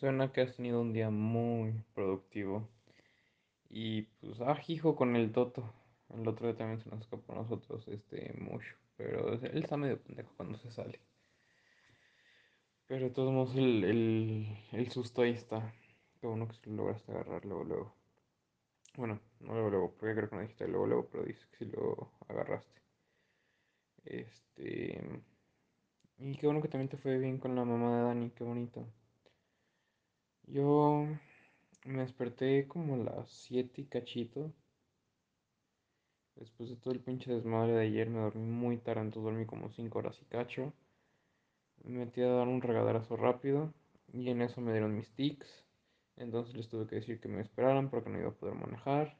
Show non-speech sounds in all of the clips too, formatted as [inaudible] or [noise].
Suena que has tenido un día muy productivo. Y pues, ah, hijo con el Toto. El otro día también se nos escapó a nosotros, este, mucho. Pero él está medio pendejo cuando se sale. Pero de todos modos, el, el, el susto ahí está. Qué bueno que se lograste agarrar luego, Bueno, no luego, luego, porque creo que no dijiste luego, luego, pero dice que sí lo agarraste. Este. Y qué bueno que también te fue bien con la mamá de Dani, qué bonito. Yo me desperté como a las 7 y cachito. Después de todo el pinche desmadre de ayer me dormí muy tarde, entonces dormí como 5 horas y cacho. Me metí a dar un regadarazo rápido y en eso me dieron mis tics. Entonces les tuve que decir que me esperaran porque no iba a poder manejar.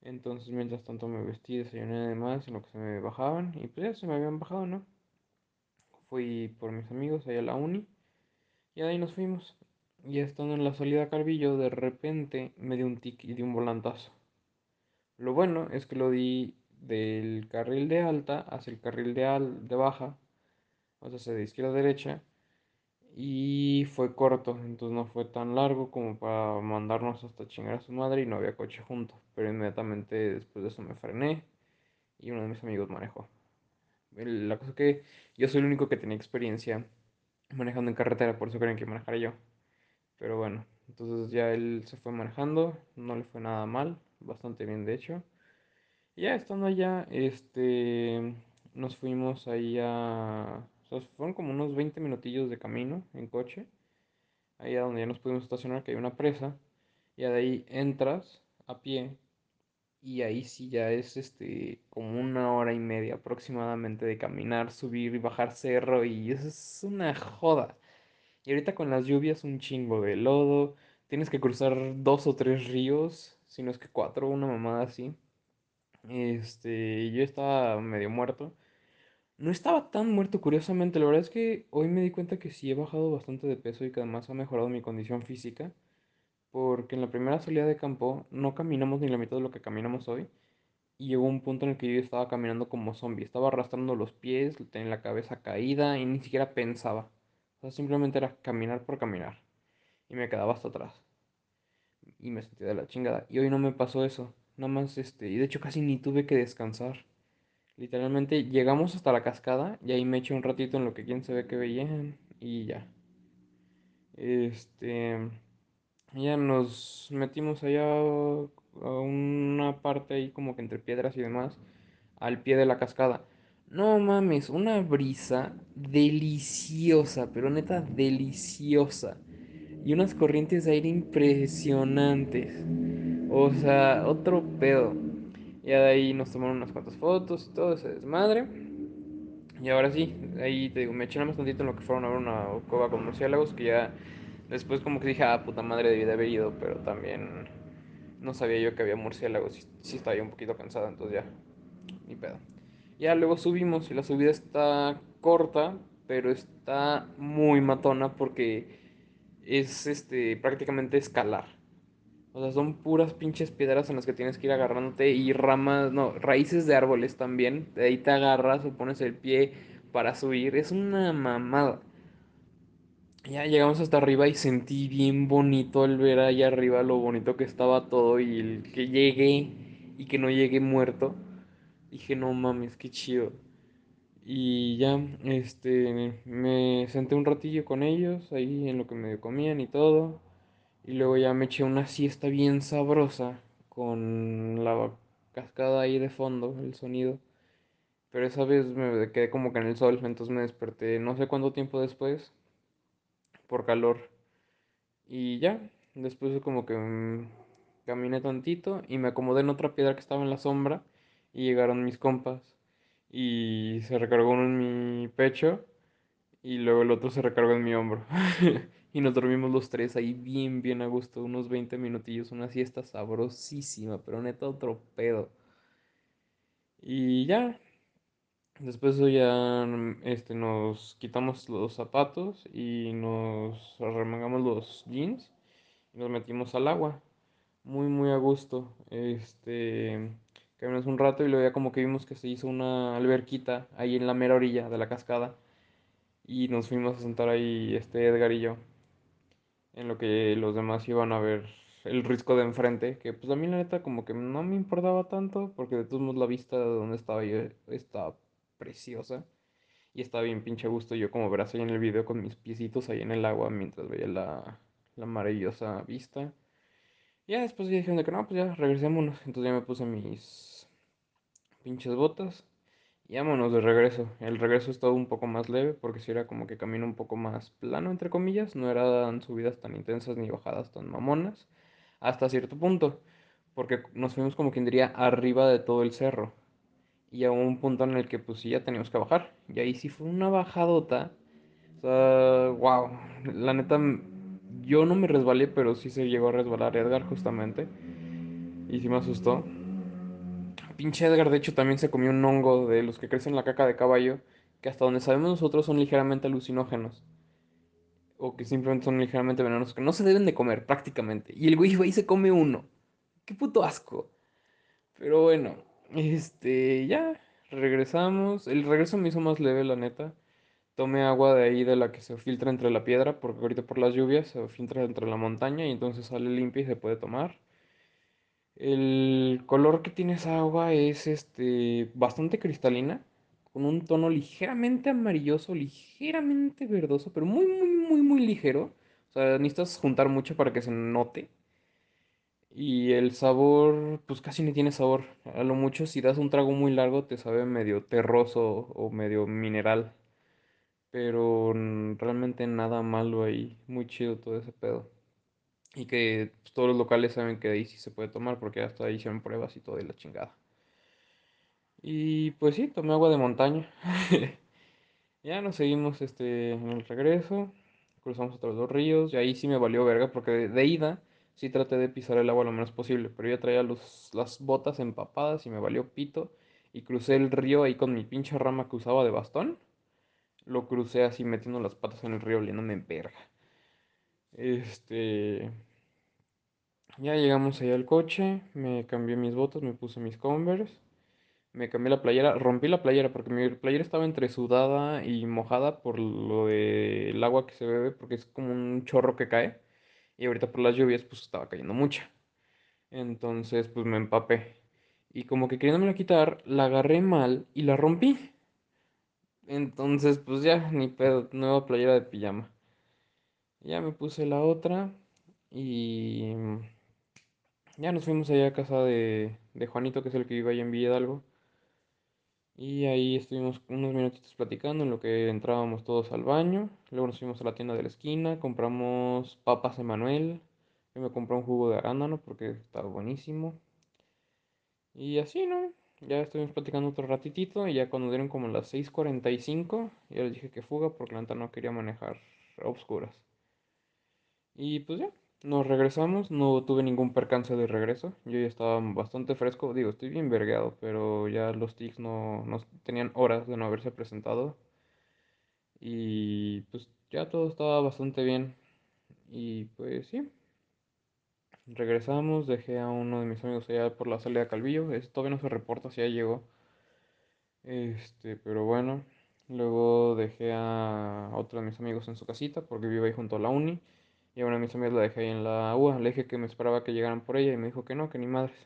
Entonces mientras tanto me vestí, desayuné además en lo que se me bajaban y pues ya se me habían bajado, ¿no? Fui por mis amigos allá a la uni y ahí nos fuimos y estando en la salida a Carvillo, de repente me dio un tic y di un volantazo. Lo bueno es que lo di del carril de alta hacia el carril de, al de baja, o sea, de izquierda a derecha, y fue corto, entonces no fue tan largo como para mandarnos hasta chingar a su madre y no había coche junto. Pero inmediatamente después de eso me frené y uno de mis amigos manejó. La cosa que yo soy el único que tenía experiencia manejando en carretera, por eso creen que manejara yo. Pero bueno, entonces ya él se fue manejando, no le fue nada mal, bastante bien de hecho. Y ya estando allá, este, nos fuimos ahí a... fueron como unos 20 minutillos de camino en coche, ahí a donde ya nos pudimos estacionar, que hay una presa, y de ahí entras a pie, y ahí sí ya es este, como una hora y media aproximadamente de caminar, subir y bajar cerro, y eso es una joda. Y ahorita con las lluvias un chingo de lodo, tienes que cruzar dos o tres ríos, si no es que cuatro, una mamada así. Este, yo estaba medio muerto. No estaba tan muerto, curiosamente. La verdad es que hoy me di cuenta que sí he bajado bastante de peso y que además ha mejorado mi condición física. Porque en la primera salida de campo no caminamos ni la mitad de lo que caminamos hoy. Y llegó un punto en el que yo estaba caminando como zombie. Estaba arrastrando los pies, tenía la cabeza caída y ni siquiera pensaba simplemente era caminar por caminar. Y me quedaba hasta atrás. Y me sentía de la chingada. Y hoy no me pasó eso. Nada más, este, y de hecho casi ni tuve que descansar. Literalmente llegamos hasta la cascada y ahí me eché un ratito en lo que se ve que veían y ya. Este, ya nos metimos allá a una parte ahí como que entre piedras y demás, al pie de la cascada. No mames, una brisa deliciosa, pero neta deliciosa. Y unas corrientes de aire impresionantes. O sea, otro pedo. Ya de ahí nos tomaron unas cuantas fotos y todo ese desmadre. Y ahora sí, ahí te digo, me eché más tantito en lo que fueron a ver una cova con murciélagos que ya después como que dije, ah, puta madre, debí de haber ido, pero también no sabía yo que había murciélagos y sí estaba yo un poquito cansado, entonces ya, ni pedo. Ya luego subimos y la subida está corta, pero está muy matona porque es este prácticamente escalar. O sea, son puras pinches piedras en las que tienes que ir agarrándote y ramas, no, raíces de árboles también. De ahí te agarras o pones el pie para subir. Es una mamada. Ya llegamos hasta arriba y sentí bien bonito al ver allá arriba lo bonito que estaba todo y el que llegué y que no llegué muerto. Dije, no mames, qué chido. Y ya, este, me senté un ratillo con ellos, ahí en lo que me comían y todo. Y luego ya me eché una siesta bien sabrosa con la cascada ahí de fondo, el sonido. Pero esa vez me quedé como que en el sol, entonces me desperté no sé cuánto tiempo después, por calor. Y ya, después como que caminé tantito y me acomodé en otra piedra que estaba en la sombra y llegaron mis compas y se recargó uno en mi pecho y luego el otro se recargó en mi hombro. [laughs] y nos dormimos los tres ahí bien, bien a gusto, unos 20 minutillos, una siesta sabrosísima, pero neta otro pedo. Y ya, después ya mm, este, nos quitamos los zapatos y nos arremangamos los jeans y nos metimos al agua. Muy, muy a gusto. Este, caminamos un rato y luego ya como que vimos que se hizo una alberquita ahí en la mera orilla de la cascada y nos fuimos a sentar ahí este Edgar y yo en lo que los demás iban a ver el risco de enfrente, que pues a mí la neta como que no me importaba tanto, porque de todos modos la vista de donde estaba yo estaba preciosa y estaba bien pinche gusto yo como verás ahí en el video con mis piecitos ahí en el agua mientras veía la, la maravillosa vista. Ya después dije de que no, pues ya regresémonos, entonces ya me puse mis pinches botas. Y vámonos de regreso. El regreso estaba un poco más leve porque si era como que camino un poco más plano, entre comillas. No eran subidas tan intensas ni bajadas tan mamonas. Hasta cierto punto. Porque nos fuimos como quien diría arriba de todo el cerro. Y a un punto en el que pues si ya teníamos que bajar. Y ahí si fue una bajadota. O sea, wow. La neta, yo no me resbalé, pero sí se llegó a resbalar Edgar justamente. Y si me asustó. Pinche Edgar, de hecho, también se comió un hongo de los que crecen en la caca de caballo, que hasta donde sabemos nosotros son ligeramente alucinógenos. O que simplemente son ligeramente venenosos, que no se deben de comer prácticamente. Y el güey se come uno. Qué puto asco. Pero bueno, este, ya, regresamos. El regreso me hizo más leve, la neta. Tomé agua de ahí de la que se filtra entre la piedra, porque ahorita por las lluvias se filtra entre la montaña y entonces sale limpia y se puede tomar. El color que tiene esa agua es este, bastante cristalina, con un tono ligeramente amarilloso, ligeramente verdoso, pero muy, muy, muy, muy ligero. O sea, necesitas juntar mucho para que se note. Y el sabor, pues casi ni tiene sabor. A lo mucho, si das un trago muy largo, te sabe medio terroso o medio mineral. Pero realmente nada malo ahí. Muy chido todo ese pedo y que pues, todos los locales saben que ahí sí se puede tomar porque hasta ahí hicieron pruebas y todo y la chingada. Y pues sí, tomé agua de montaña. [laughs] ya nos seguimos este, en el regreso, cruzamos otros dos ríos y ahí sí me valió verga porque de, ida sí traté de pisar el agua lo menos posible, pero yo traía las botas empapadas y me valió pito y crucé el río ahí con mi pinche rama que usaba de bastón. Lo crucé así metiendo las patas en el río, oliéndome en verga. Este. Ya llegamos ahí al coche, me cambié mis botas, me puse mis Converse, me cambié la playera, rompí la playera porque mi playera estaba entre sudada y mojada por lo del agua que se bebe, porque es como un chorro que cae. Y ahorita por las lluvias pues estaba cayendo mucha. Entonces pues me empapé. Y como que la quitar, la agarré mal y la rompí. Entonces pues ya, ni pedo, nueva playera de pijama. Ya me puse la otra y mm, ya nos fuimos allá a casa de, de Juanito, que es el que vive ahí en Villedalgo. Y ahí estuvimos unos minutitos platicando en lo que entrábamos todos al baño. Luego nos fuimos a la tienda de la esquina, compramos papas Emanuel. Yo me compré un jugo de arándano porque estaba buenísimo. Y así, ¿no? Ya estuvimos platicando otro ratitito y ya cuando dieron como las 6.45, ya les dije que fuga porque la no quería manejar a obscuras. Y pues ya, nos regresamos, no tuve ningún percance de regreso, yo ya estaba bastante fresco, digo, estoy bien vergueado, pero ya los tics no, no tenían horas de no haberse presentado. Y pues ya todo estaba bastante bien. Y pues sí. Regresamos, dejé a uno de mis amigos allá por la salida Calvillo. Esto todavía no se reporta si ya llegó. Este, pero bueno. Luego dejé a otro de mis amigos en su casita porque vive ahí junto a la uni. Y a una mis amigas la dejé ahí en la UA. Le dije que me esperaba que llegaran por ella y me dijo que no, que ni madres.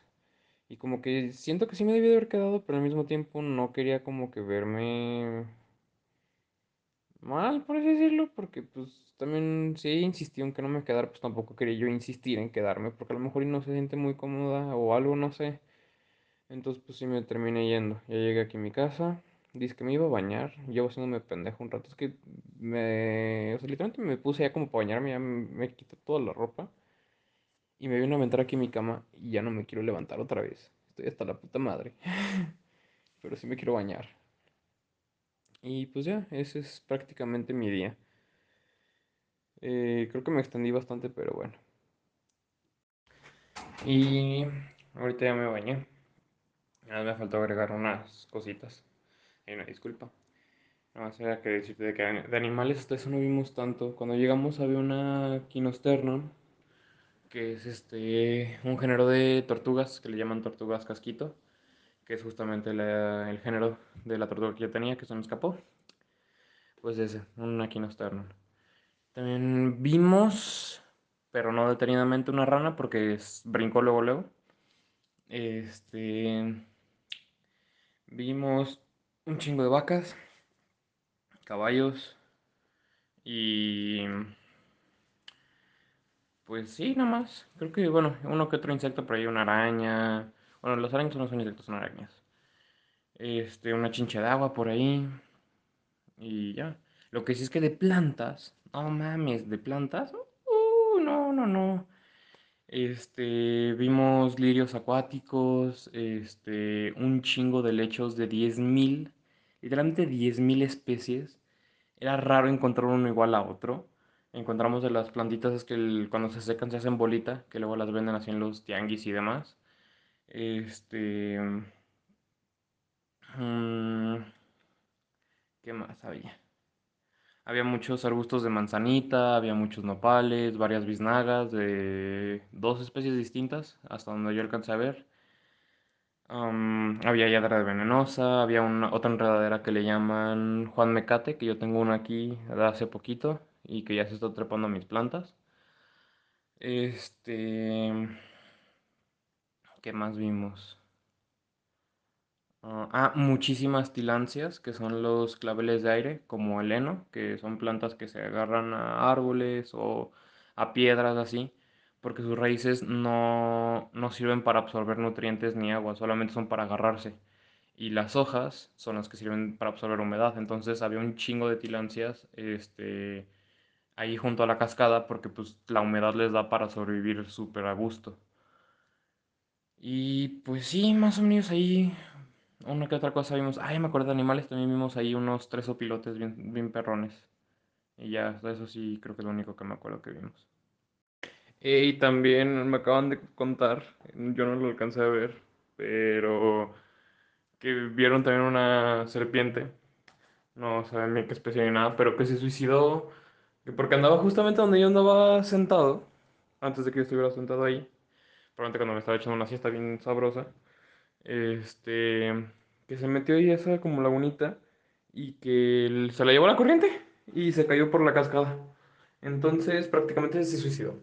Y como que siento que sí me debía de haber quedado, pero al mismo tiempo no quería como que verme mal, por así decirlo, porque pues también si ella insistió en que no me quedara, pues tampoco quería yo insistir en quedarme, porque a lo mejor no se siente muy cómoda o algo, no sé. Entonces pues sí me terminé yendo. Ya llegué aquí a mi casa, Dice que me iba a bañar, llevo haciéndome pendejo un rato. Es que me. O sea, literalmente me puse ya como para bañarme, ya me quitó toda la ropa. Y me vino a aventar aquí en mi cama y ya no me quiero levantar otra vez. Estoy hasta la puta madre. [laughs] Pero sí me quiero bañar. Y pues ya, ese es prácticamente mi día. Eh, creo que me extendí bastante, pero bueno. Y ahorita ya me bañé. Ya me faltó agregar unas cositas disculpa. No, más era que decirte de que de animales hasta eso no vimos tanto. Cuando llegamos había una quinosternon, que es este, un género de tortugas, que le llaman tortugas casquito, que es justamente el género de la tortuga que yo tenía, que se me escapó. Pues ese, una quinosternon. También vimos, pero no detenidamente, una rana, porque brincó luego luego. Este. Vimos un chingo de vacas, caballos y... Pues sí, nada más. Creo que, bueno, uno que otro insecto por ahí, una araña. Bueno, los arañas no son insectos, son arañas. Este, una chincha de agua por ahí. Y ya. Lo que sí es que de plantas, no mames, de plantas, uh, no, no, no. Este, vimos lirios acuáticos, este, un chingo de lechos de 10.000 literalmente 10.000 especies. Era raro encontrar uno igual a otro. Encontramos de las plantitas que cuando se secan se hacen bolita, que luego las venden así en los tianguis y demás. Este. Mm, ¿Qué más había? Había muchos arbustos de manzanita, había muchos nopales, varias biznagas de dos especies distintas, hasta donde yo alcancé a ver había Yadra Venenosa, había una, otra enredadera que le llaman Juan Mecate, que yo tengo una aquí de hace poquito y que ya se está trepando a mis plantas. Este. ¿Qué más vimos? ah, ah muchísimas tilancias, que son los claveles de aire, como el heno, que son plantas que se agarran a árboles o a piedras así porque sus raíces no, sirven para absorber nutrientes ni agua, solamente son para agarrarse. Y las hojas son las que sirven para absorber humedad. Entonces había un chingo de tilancias este, ahí junto a la cascada porque pues, la humedad les da para sobrevivir súper a gusto. Y pues sí, más o menos ahí una que otra cosa vimos. Ay, me acuerdo de animales, también vimos ahí unos tres opilotes bien, bien perrones. Y ya, eso sí creo que es lo único que me acuerdo que vimos. Y también me acaban de contar, yo no lo alcancé a ver, pero que vieron también una serpiente, no saben ni qué especie ni nada, pero que se suicidó porque andaba justamente donde yo andaba sentado, antes de que yo estuviera sentado ahí, probablemente cuando me estaba echando una siesta bien sabrosa, este, que se metió ahí esa como lagunita y que se la llevó la corriente y se cayó por la cascada. Entonces prácticamente se suicidó.